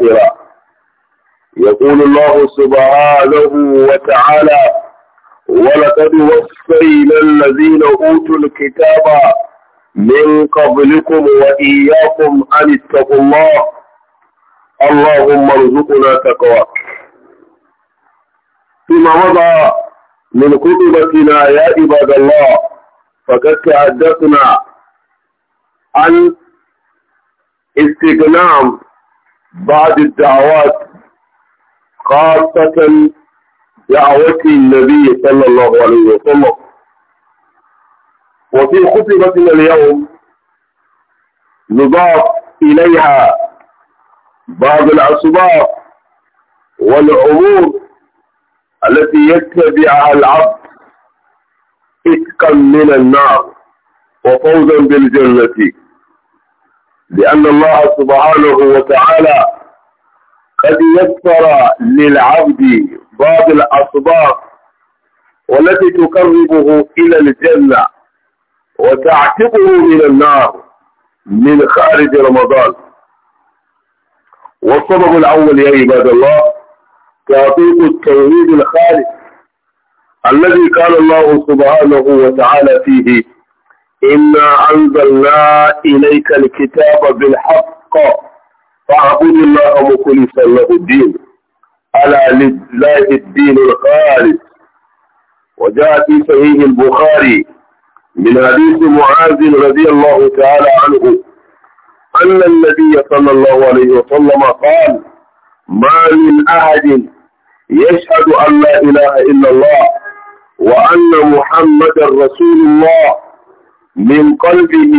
الآخرة يقول الله سبحانه وتعالى ولقد وصينا الذين أوتوا الكتاب من قبلكم وإياكم أن اتقوا الله اللهم ارزقنا تقوى فيما مضى من كتبتنا يا عباد الله فقد تحدثنا عن استغنام بعد الدعوات خاصة دعوة النبي صلى الله عليه وسلم وفي خطبتنا اليوم نضاف إليها بعض الأسباب والأمور التي يتبعها العبد اتقا من النار وفوزا بالجنة لأن الله سبحانه وتعالى قد يسر للعبد بعض الأسباب والتي تقربه إلى الجنة وتعتقه من النار من خارج رمضان والسبب الأول يا عباد الله تعطيق التوحيد الخالص الذي قال الله سبحانه وتعالى فيه إنا أنزلنا إليك الكتاب بالحق فاعبد الله مخلصا له الدين ألا لله الدين الخالص وجاء في صحيح البخاري من حديث معاذ رضي الله تعالى عنه أن النبي صلى الله عليه وسلم قال ما من أحد يشهد أن لا إله إلا الله وأن محمدا رسول الله من قلبه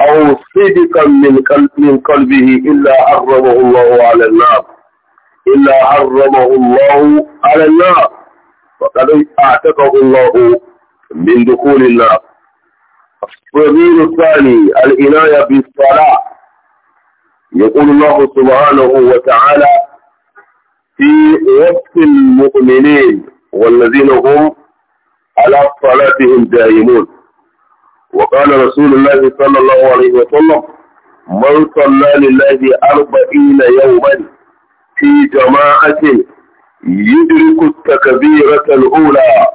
أو صدقا من, قلب من قلبه إلا حرمه الله على النار إلا حرمه الله على النار فقد أعتقه الله من دخول النار الصغير الثاني العناية بالصلاة يقول الله سبحانه وتعالى في وصف المؤمنين والذين هم على صلاتهم دائمون وقال رسول الله صلى الله عليه وسلم من صلى لله أربعين يوما في جماعة يدرك التكبيرة الأولى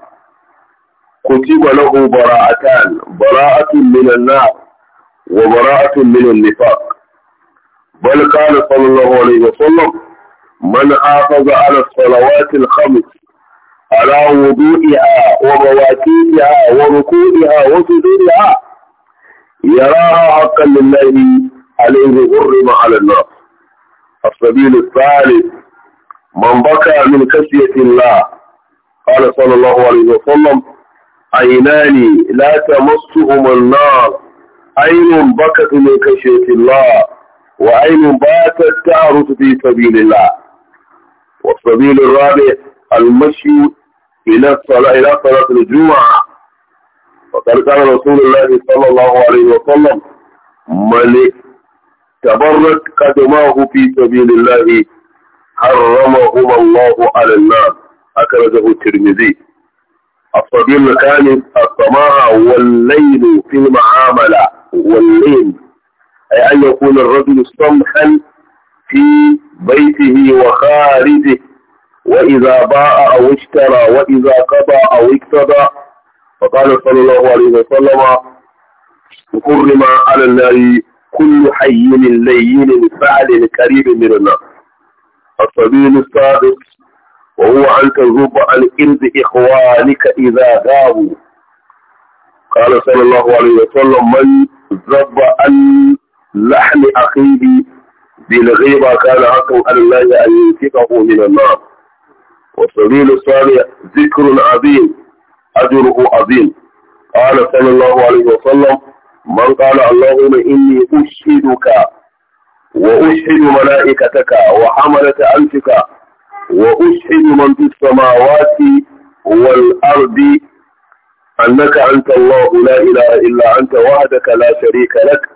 كتب له براءتان براءة من النار وبراءة من النفاق بل قال صلى الله عليه وسلم من حافظ على الصلوات الخمس على وضوئها ومواكيدها وركوبها وسجودها يراها حقا لله عليه غرم على النار السبيل الثالث من بكى من كسية الله قال صلى الله عليه وسلم عينان لا تمسهما النار عين بكت من كسية الله وعين باتت تعرس في سبيل الله والسبيل الرابع المشي إلى الصلاة إلى صلاة الجمعة وقد كان رسول الله صلى الله عليه وسلم من تبرك قدماه في سبيل الله حرمهما الله على النار أكرده الترمذي الصبي المكان الصماء والليل في المعاملة والليل أي أن يكون الرجل سمحا في بيته وخارجه وإذا باع أو اشترى وإذا قضى أو اقتضى فقال صلى الله عليه وسلم حرم على النار كل حي لين فعل قريب من النار السبيل الصادق وهو أن تذوب عن إنز إخوانك إذا غابوا قال صلى الله عليه وسلم من ذب عن لحم أخيه بالغيبة كان حقا على الله أن ينفقه من النار والسبيل الثاني ذكر عظيم أجره عظيم قال صلى الله عليه وسلم من قال اللهم إني أشهدك وأشهد ملائكتك وحملة أنفك وأشهد من في السماوات والأرض أنك أنت الله لا إله إلا أنت وحدك لا شريك لك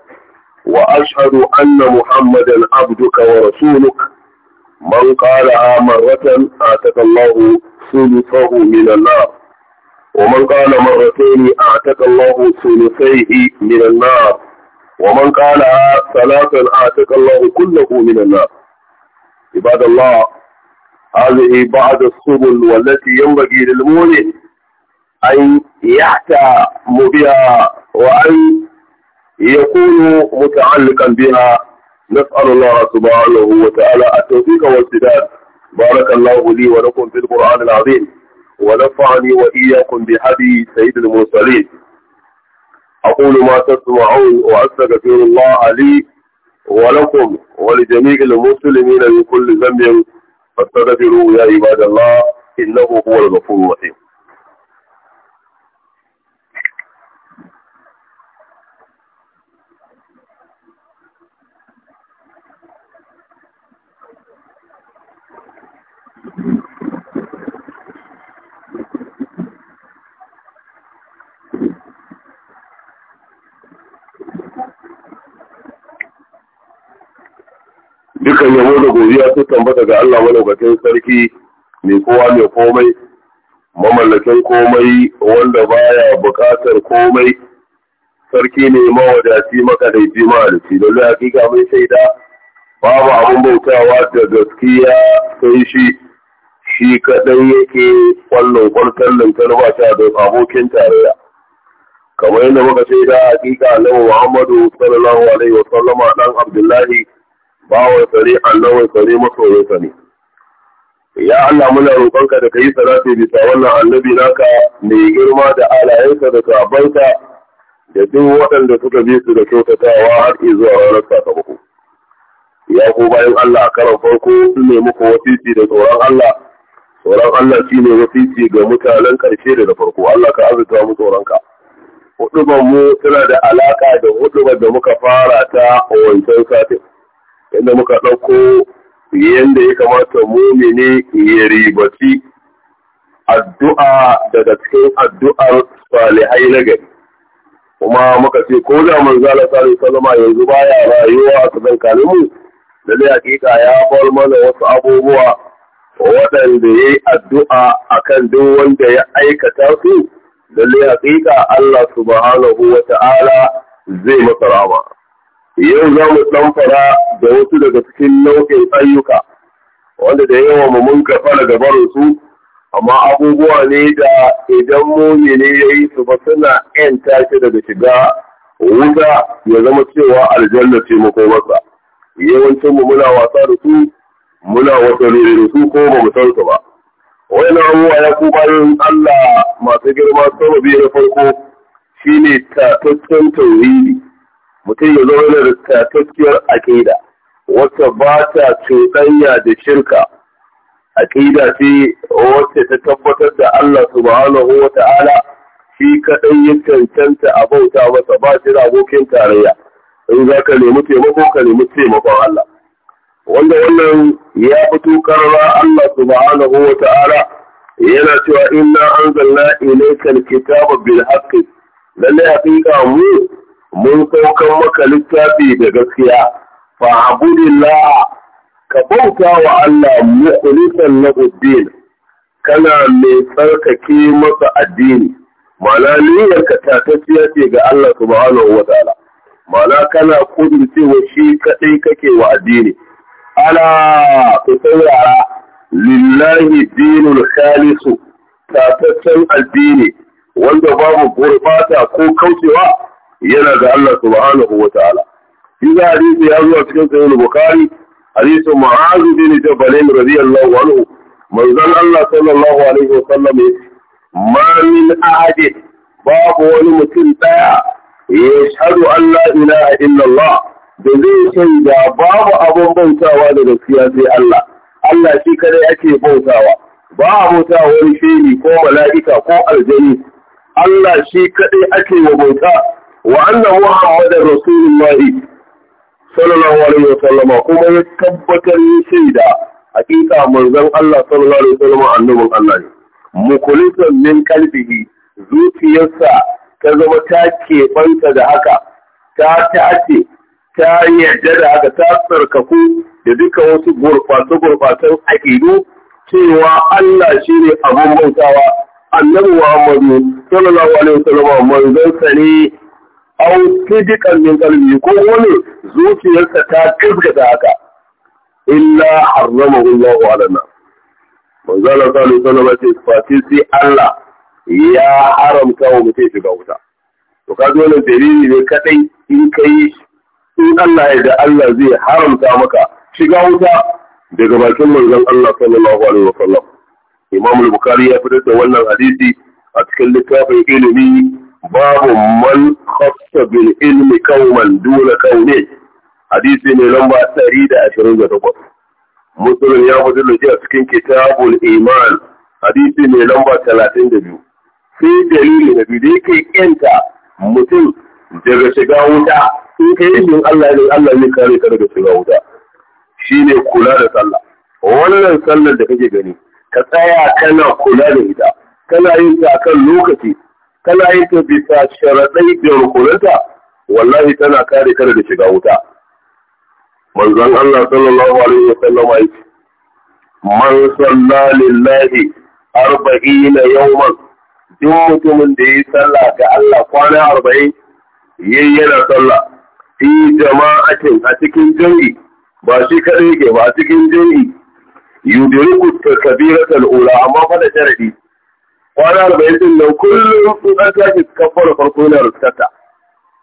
وأشهد أن محمدا عبدك ورسولك من قالها مرة أعتق الله ثلثه من النار ومن قال مرتين أعتق الله ثلثيه من النار ومن قالها ثلاثا أعتق الله كله من النار عباد الله هذه بعض السبل والتي ينبغي للمؤمن أن يحتم بها وأن يكون متعلقا بها نسأل الله سبحانه وتعالى التوفيق والسداد بارك الله لي ولكم في القرآن العظيم ونفعني وإياكم بحدي سيد المرسلين أقول ما تسمعون وأستغفر الله لي ولكم ولجميع المسلمين من كل ذنب فاستغفروه يا عباد الله إنه هو الغفور الرحيم dukkan yabo da godiya su tambata ga Allah malaukakin sarki mai kowa mai komai mamallakin komai wanda baya bukatar komai sarki ne mawadaci makadaici mahalici da zai hakika mai shaida babu abin bautawa da gaskiya sai shi shi kaɗai yake kwallon kwalkan lantar ba ta da abokin tarayya kamar yadda muka shaida hakika annabi Muhammadu sallallahu alaihi wa sallama dan Abdullahi bawon sare annawan sare masoyin sa ne ya Allah muna roƙonka da kai salati bisa wannan annabi naka mai girma da alayensa da sabansa da duk waɗanda suka bi su da kyautatawa har zuwa ranar sakamako ya ku bayan Allah a karan farko sun ne muku wasiti da tsoron Allah tsoron Allah shi ne wasiti ga mutanen ƙarshe da na farko Allah ka azurta mu tsoronka hudubar mu tana da alaka da hudubar da muka fara ta wancan satin da muka ɗauko yadda ya kamata mumini ya ribaci addu'a daga cikin addu'ar salihai na gari. Kuma muka ce, ko da mun zala sari salama yanzu baya rayuwa a mu kalimu, zai hakika ya bar mana wasu abubuwa waɗanda ya yi addu'a a kan duk wanda ya aikata su, zai hakika Allah subhanahu wa ta'ala zai masa rama. yau za mu ɗaukara da wasu daga cikin nau'in ayyuka wanda da yawa mu mun kafara daga su amma abubuwa ne da idan ne ya yi su ba suna ‘yan tashi daga shiga wuta ya zama cewa aljanna ce makomarsa yawancin mu muna wasa da su muna wasa da su ko ba mu san su ba wani abubuwa ya ku bayan Allah masu girma sama biyu na farko shine tataccen tauhidi mutum ya zauna da tatakkiyar aƙida wacce ba ta cuɗanya da shirka aƙida ce wacce ta tabbatar da Allah subhanahu wa ta'ala shi kaɗai ya cancanta a bauta masa ba shi da abokin tarayya in za ka nemi taimako ka nemi taimakon Allah wanda wannan ya fito karara Allah subhanahu wa ta'ala yana cewa inna anzalna ilayka alkitaba bil haqqi lalle haqiqa mu mun saukan maka littafi da gaskiya fa abudillah ka bauta wa Allah mukhlisan lahu din kana mai tsarkake masa addini ma'ana niyyar ka tatacciya ce ga Allah subhanahu wa ta'ala ma'ana kana cewa shi kadai kake wa addini ala ku saurara lillahi dinul khalisu tataccen addini wanda babu gurbata ko kaucewa yana ga Allah subhanahu wa ta'ala shi za hadisi ya zuwa cikin sahih bukhari hadisi mu'az bin jabal radiyallahu anhu manzon Allah sallallahu alaihi wa sallam ma min ahad babu wani mutum daya ya shahadu an la ilaha illallah da zai da babu abin bautawa da gaskiya sai Allah Allah shi kadai ake bautawa ba a bauta wani shehi ko mala'ika ko aljani Allah shi kadai ake wa bauta wa anna muhammadar rasulullahi sallallahu alaihi wasallama kuma ya tabbatar ya shaida hakika manzon Allah sallallahu alaihi wasallama annabin Allah ne mukulitan min kalbihi zuciyarsa ta zama ta keɓanta da haka ta tace ta yarda da haka ta tsarkaku da duka wasu gurfatu-gurfatun aƙidu cewa Allah shi ne abin bautawa annabi Muhammadu sallallahu alaihi wasallam manzon sa ne aw sidiqan min qalbi ko wani zuciyarsa ta da haka illa harramahu Allahu alana manzo Allah sallallahu alaihi wasallam ce fati sai Allah ya haramta wa mutum shiga wuta to ka zo wannan dalili ne kadai in kai in Allah ya da Allah zai haramta maka shiga wuta daga bakin manzon Allah sallallahu alaihi wasallam Imam al-Bukhari ya fitar da wannan hadisi a cikin littafin ilimi babu man khassa bil ilmi kauman duna kaune hadisi ne lamba 128 muslim ya fadi lokaci a cikin kitabul iman hadisi ne lamba 32 sai dalili na biyu da yake kenta mutum daga shiga wuta in kai izinin Allah ne Allah ne kare ka daga shiga wuta shine kula da sallah wannan sallar da kake gani ka tsaya kana kula da ita kana yin ta akan lokaci ka yayi ka bisa sharaɗai da rukunanta wallahi tana kare kada da shiga wuta manzon Allah sallallahu alaihi wasallam ya ce man salla lillahi yau yawman duk mutumin da yi sallah ga Allah kwana arba'in yayi yana sallah fi jama'atin a cikin jami'i ba shi kadai ke ba a cikin jami'i yudriku takbiratul ula amma fa da sharadi kwana arba'in din nan kullum in an tashi kafara farko yana Ba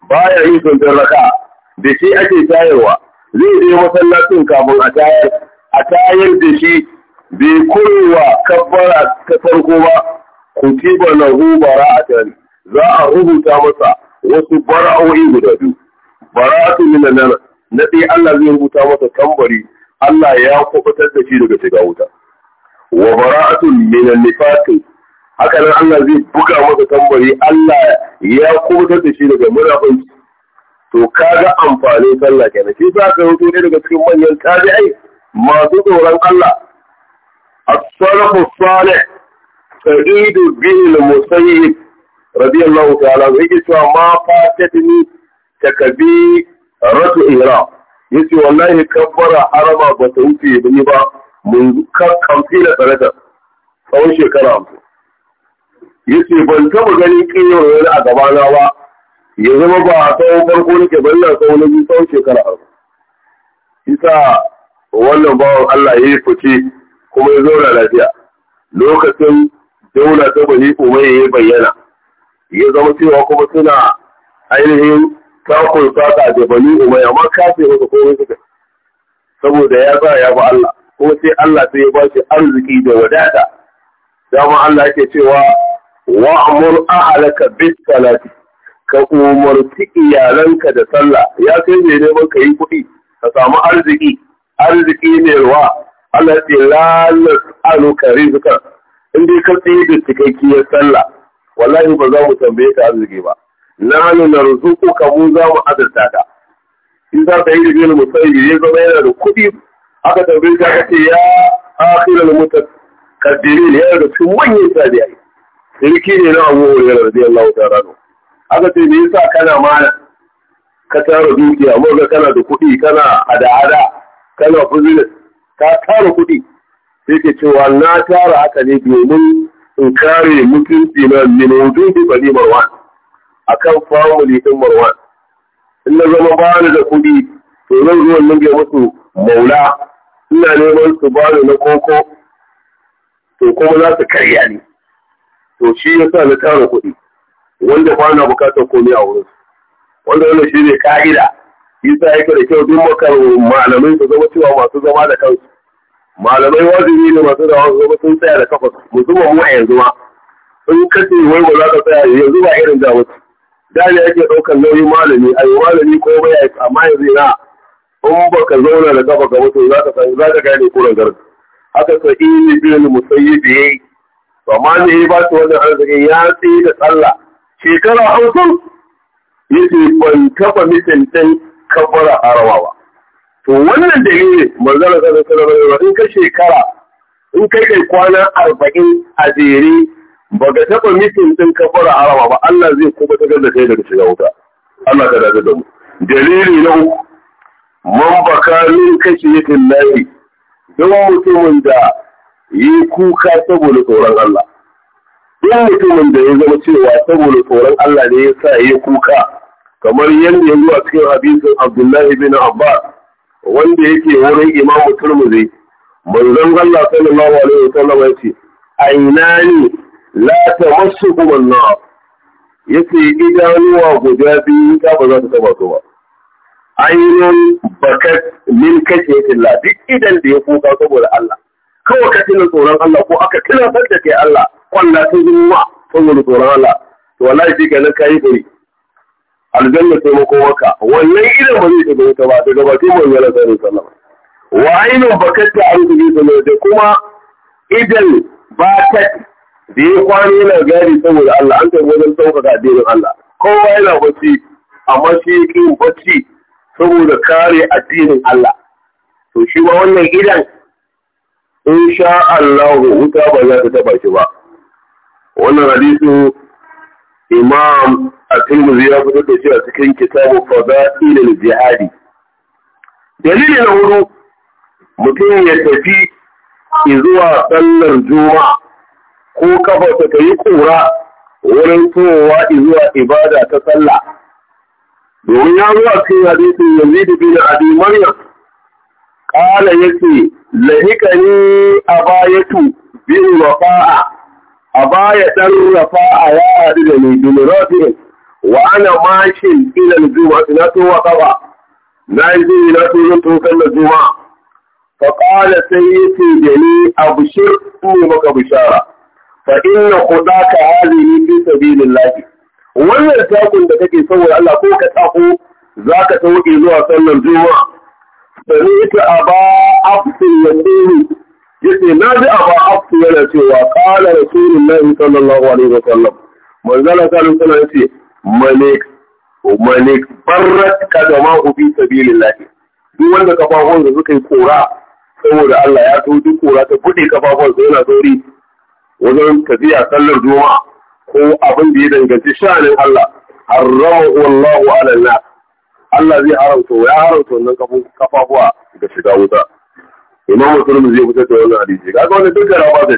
baya yi kwantar raka da shi ake tayarwa zai je masallacin kafin a tayar a tayar da shi bai kurwa kabbara ta farko ba kutiba lahu bara'atan za a rubuta masa wasu bara'o'i guda biyu bara'atun min nan na dai Allah zai rubuta masa tambari Allah ya kubutar da shi daga shiga wuta wa bara'atun min nifaqi haka nan Allah zai buga masa tambari Allah ya kubutar da shi daga munafunci to kaga amfani sallah kenan shi za ka hoto ne daga cikin manyan tabi'ai masu tsoron Allah as-salafu salih sa'idu bil musayyib radiyallahu ta'ala yake cewa ma fatatni takabi ratu ihram yace wallahi kabbara arama ba ta wuce ni ba mun kakkamfi da tsarata tsawon shekara hamsin yace ban taba ganin wani a gaba na ba ya zama ba a tsawon farko nake ba ina tsawon na biyu tsawon shekara isa wannan bawan Allah ya yi fice kuma ya zauna lafiya lokacin daula ta bani umayya ya bayyana ya zama cewa kuma suna ainihin takun saka da bani umayya amma kafe masa komai suka saboda ya sa ya ba Allah kuma sai Allah sai ya ba shi arziki da wadata dama Allah yake cewa Wa wa'amur ahalaka bis salati ka umarci iyalanka da sallah ya kai ne neman ka yi kuɗi ka samu arziki arziki ne ruwa Allah lalas la nas'aluka in dai ka tsaye da cikakkiyar sallah wallahi ba za mu tambaye ka arziki ba Na nanu ka mu za mu azurta ka in za ka yi da mu musayi ya zama yana da kuɗi aka tambaye ka ce ya akhirul mutakaddirin yana da cikin manyan tabi'ai sirki ne na Abu Hurairah radiyallahu ta'ala rano. aka ce me yasa kana mana ka tara dukiya amma ga kana da kuɗi kana hada kana business ka tara kuɗi sai ke cewa na tara haka ne domin in kare mutunci na minodin bali marwan kan famili ɗin marwan in na zama bani da kuɗi to zan zo ga musu maula ina neman su bani na koko to kuma za su karya ni to shi ya sa na tara kuɗi wanda ba na bukatar komai a wurin wanda wannan shi ne ka'ida shi sa yake da kyau duk makar malamai su zama cewa masu zama da kansu malamai wajibi ne masu zama su zama sun tsaya da kafa musamman mu a yanzu ma sun kace wai ba za ka tsaya yanzu ba irin da wasu da ne ake ɗaukar nauyin malami a yi malami ko bai a amma yanzu na in ba ka zauna da kafa ga wasu za ka gane kuran garin. haka sa in yi biyan musayyibi yayi to amma ne yi ba su wannan arzikin ya ce da tsalla. shekara hamsin ce ban taɓa misaltan kafara arawa ba to wannan dalili manzon sanar da alaihi in ka shekara in kai kai kwana arba'in a jere ba ga taɓa mitin ɗin kafara arawa ba Allah zai kuma ta da kai daga shiga wuta Allah ta dace da mu dalili na uku man baka min kashi yatin lahi don mutumin da yi kuka saboda tsoron Allah Duk mutumin da ya zama cewa saboda tsoron Allah ne ya sa yi kuka kamar yadda ya zuwa cikin hadisin Abdullahi bin Abbas wanda yake wurin Imam Turmuzi zan Allah sallallahu alaihi wasallam ya ce ainani la tamassukum an-nar yace idanuwa guda biyu ta ba za ta taba su ba Ainihin bakat min kashe duk idan da ya kuka saboda Allah kawai ka tuna tsoron Allah ko aka tunatar da ke Allah kwalla ta zuwa saboda tsoron Allah to wallahi shi kenan ka yi gari aljanna sai mako maka wannan ba zai shiga ta ba daga bakin manzon Allah sallallahu alaihi wa ainihin bakatta an gudu da kuma idan ba ta da ya yana gari saboda Allah an tafi wajen ɗaukaka addinin Allah kowa yana bacci amma shi yake bacci saboda kare addinin Allah to shi ma wannan idan in sha Allah wuta ba za ta taba shi ba wannan hadisin imam at-tirmidhi ya fitar da shi a cikin kitabu fadail al jihad dalili na hudu mutum ya tafi zuwa sallar juma'a ko kafa ta yi kura wurin towa zuwa ibada ta sallah domin ya zuwa cikin hadisin yanzu da bin abi maryam Ƙala ya ce, Lahikari a bayatu bin rafa'a, a baya ɗan rafa'a ya haɗu da mai bin mashin ilal juma ina to wa kaba na yi zai na to yin tokan da juma sai yace da ni abushir ni maka bishara fa inna khudaka hadhihi fi sabilillah wannan takun da kake saboda Allah ko ka tsako zaka tauke zuwa sallar zuma? سمعت أبا حفص يقول yace na ji yana cewa kala rasulullahi sallallahu alaihi wa sallam manzala sallallahu alaihi wa ce malik malik barrat kadama ku fi sabilillah duk wanda kafafun da suka yi kora saboda Allah ya so duk kora ta buɗe kafafun sai yana sauri wajen tafiya sallar juma'a ko abin da ya danganci sha'anin Allah harrama wallahu ala nas Allah zai haramta ya haramta wannan kafafuwa ga shiga wuta imam musulmi zai fitar da wannan hadisi Ga wannan duk gara ba da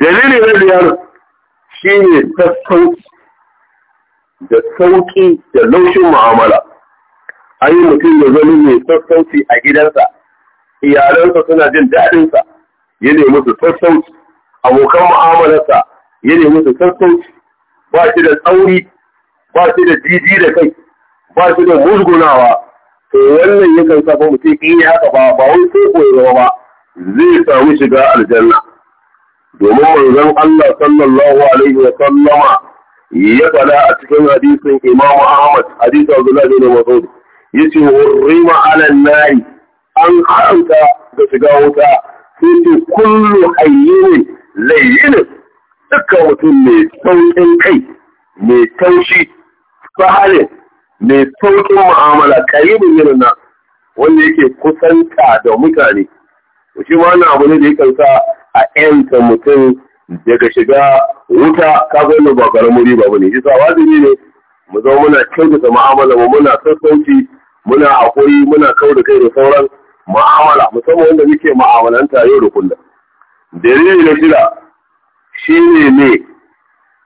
dalili na biyar shine sassauci da sauki da laushin mu'amala an mutum da zama mai sassauci a gidansa iyalansa suna jin daɗinsa ya nemi su sassauci abokan mu'amalarsa ya nemi su sassauci ba shi da tsauri ba shi da jiji da kai ba shi da musgunawa to wannan yakan sa mutum in yi haka ba ba wani sai koyi ba zai samu shiga aljanna domin manzon Allah sallallahu alaihi wa sallama ya faɗa a cikin hadisin Imam Ahmad hadisin Abdullah bin Mas'ud yace urima ala nari an haramta da shiga wuta sai kullu hayyin layyin dukkan mutum mai saukin kai mai taushi sahale mai sauƙin mu'amala karibin na wanda yake kusanta da mutane shi ma abu ne da yakan sa a yanta mutum daga shiga wuta ka wannan ba karamin riba bane isa sa wajibi ne mu zama muna kyautata mu'amala mu muna sassauci muna haƙuri muna kawo da kai da sauran ma'amala. musamman wanda muke ma'amalanta yau da kullum dalili na shida shi ne ne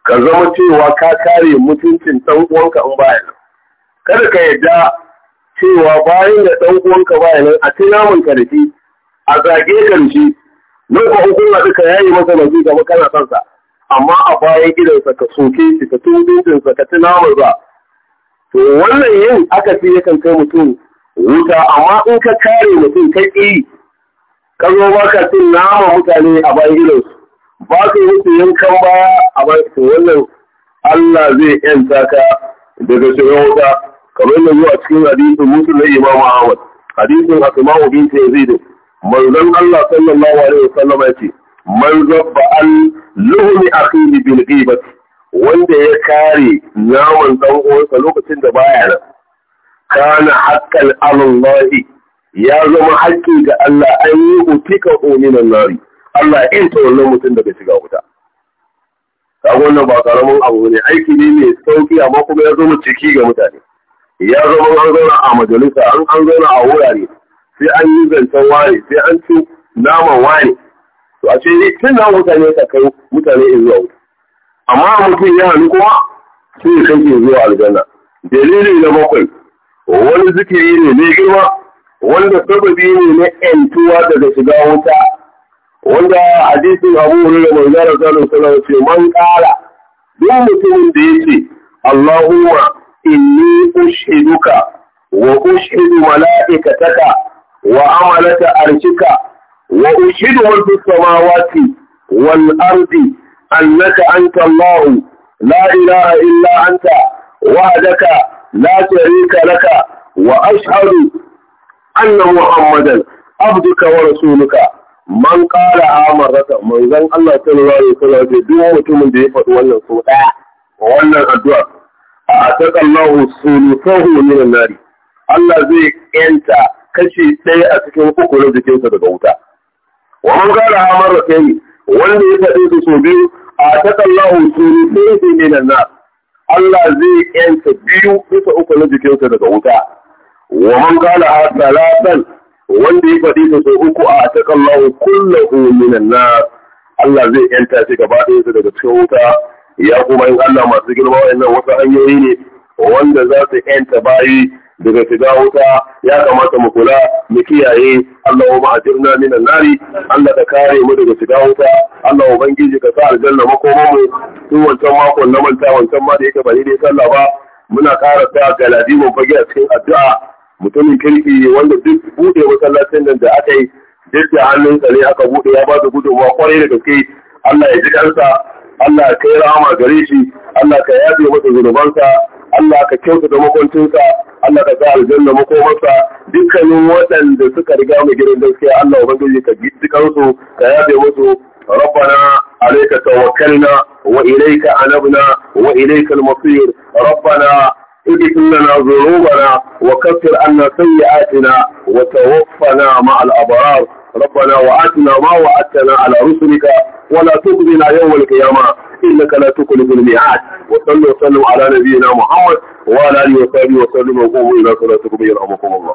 ka zama cewa ka kare mutuncin ɗan uwanka in baya nan kada ka yadda cewa bayan da ɗan uwanka baya nan a cin naman ka da shi a zage ka da shi nan ko hukuma duka yayi masa nabi gaba kana son sa amma a bayan gidansa ka soke shi ka tun sa ka ci naman ba. to wannan yin aka fi yakan kai mutum wuta amma in ka kare mutum ka ƙi ka zo ba ka cin nama mutane a bayan gidansu ba ka yi yankan baya a bakin wannan Allah zai yanta ka daga shirin wuta kamar yanzu zuwa cikin hadisin musu na Imam Ahmad hadisin Asma'u bint Yazid manzon Allah sallallahu alaihi wasallam ya ce man zabba al luhmi akhihi bil ba. wanda ya kare naman dan uwansa lokacin da baya nan kana haqqan Allah ya zama haƙƙi ga Allah an yi utika uminan nari Allah ya yanta wannan mutum daga shiga wuta Ka wannan ba karamin abu ne aiki ne mai sauki amma kuma ya zama ciki ga mutane ya zama an zauna a majalisa an an zauna a wurare sai an yi zancen ware sai an ci naman ware to a ce ni tun na mutane ka kai mutane in zuwa wuta amma mutum ya hannu kuma sai ya kai zuwa aljanna dalili na bakwai wani zikiri ne mai girma wanda sababi ne na ‘yantuwa daga shiga wuta wanda hadisin abu hurairu mai zara zanen sallallahu ce man kara duk mutumin da yake Allahumma inni ushiduka wa ushidu mala'ikataka wa amalata arshika wa ushidu man fis samawati wal ardi annaka anta Allah la ilaha illa anta wahdaka la sharika laka wa ashhadu anna muhammadan abduka wa rasuluka man raka, amarata manzon Allah sallallahu alaihi wasallam ce duk mutumin da ya faɗi wannan so daya wannan addu'a a ataka Allahu sulukahu min an-nar Allah zai yanta kashi ɗaya a cikin uku na jikinsa daga wuta wa man qala amarata wanda ya faɗi su so biyu a ataka Allahu sulukahu min an-nar Allah zai yanta biyu bisa uku na jikinsa daga wuta wa man qala asalatan wanda ya faɗi da sau uku a takallahu kullahu minan na Allah zai yanta shi gaba ɗaya daga cikin wuta ya kuma yin Allah masu girma wa'annan wasu hanyoyi ne wanda za su yanta bayi daga shiga wuta ya kamata mu kula mu kiyaye Allah wa ma'ajirna minan nari Allah ka kare mu daga shiga wuta Allah ubangiji ka sa aljanna makoman mu tun wancan makon na manta wancan ma da yake bari dai sallah ba muna ƙara sa galadi mu fage a cikin addu'a mutumin kirki wanda duk bude masallacin nan da aka yi duk da hannun tsare aka bude ya ba da gudunmawa kwarai da gaske Allah ya ji kansa Allah ka yi rahama gare shi Allah ka yafe masa zunubansa Allah ka da makwancinsa Allah ka sa aljanna makomarsa dukkanin waɗanda suka riga mu gidan gaskiya Allah ubangiji ka ji kansu. ka yafe musu ربنا عليك توكلنا وإليك أنبنا وإليك المصير ربنا اغفر ذنوبنا وكفر عنا سيئاتنا وتوفنا مع الأبرار ربنا وآتنا ما وعدتنا على رسلك ولا تخزنا يوم القيامة إنك لا تخلف الميعاد وصلوا وسلموا على نبينا محمد وعلى آله وصحبه وسلم وقوموا إلى صلاتكم يرحمكم الله